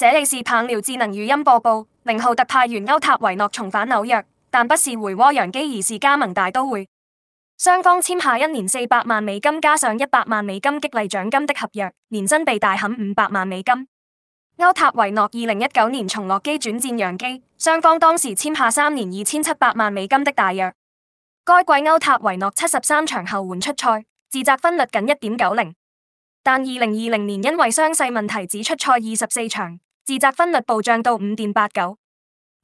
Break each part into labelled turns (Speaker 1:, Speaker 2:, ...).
Speaker 1: 這裏是棒聊智能語音播報，零號特派員歐塔維諾重返紐約，但不是回鍋洋基，而是加盟大都會。雙方簽下一年四百萬美金加上一百萬美金激勵獎金的合約，年薪被大砍五百萬美金。歐塔維諾二零一九年從落磯轉戰洋基，雙方當時簽下三年二千七百萬美金的大約。該季歐塔維諾七十三場後援出賽，自責分率僅一點九零，但二零二零年因為傷勢問題只出賽二十四場。自責分率暴漲到五點八九，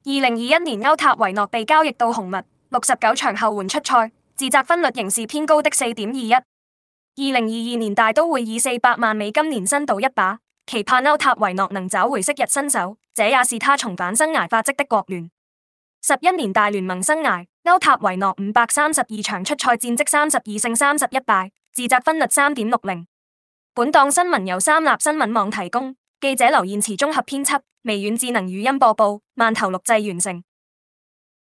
Speaker 1: 二零二一年歐塔維諾被交易到紅襪，六十九場後援出賽，自責分率仍是偏高的四點二一。二零二二年大都會以四百萬美金年薪賭一把，期盼歐塔維諾能找回昔日身手，這也是他重返生涯發跡的國聯。十一年大聯盟生涯，歐塔維諾五百三十二場出賽戰績三十二勝三十一敗，自責分率三點六零。本檔新聞由三立新聞網提供。記者劉燕慈綜合編輯，微軟智能語音播報，饅頭錄製完成。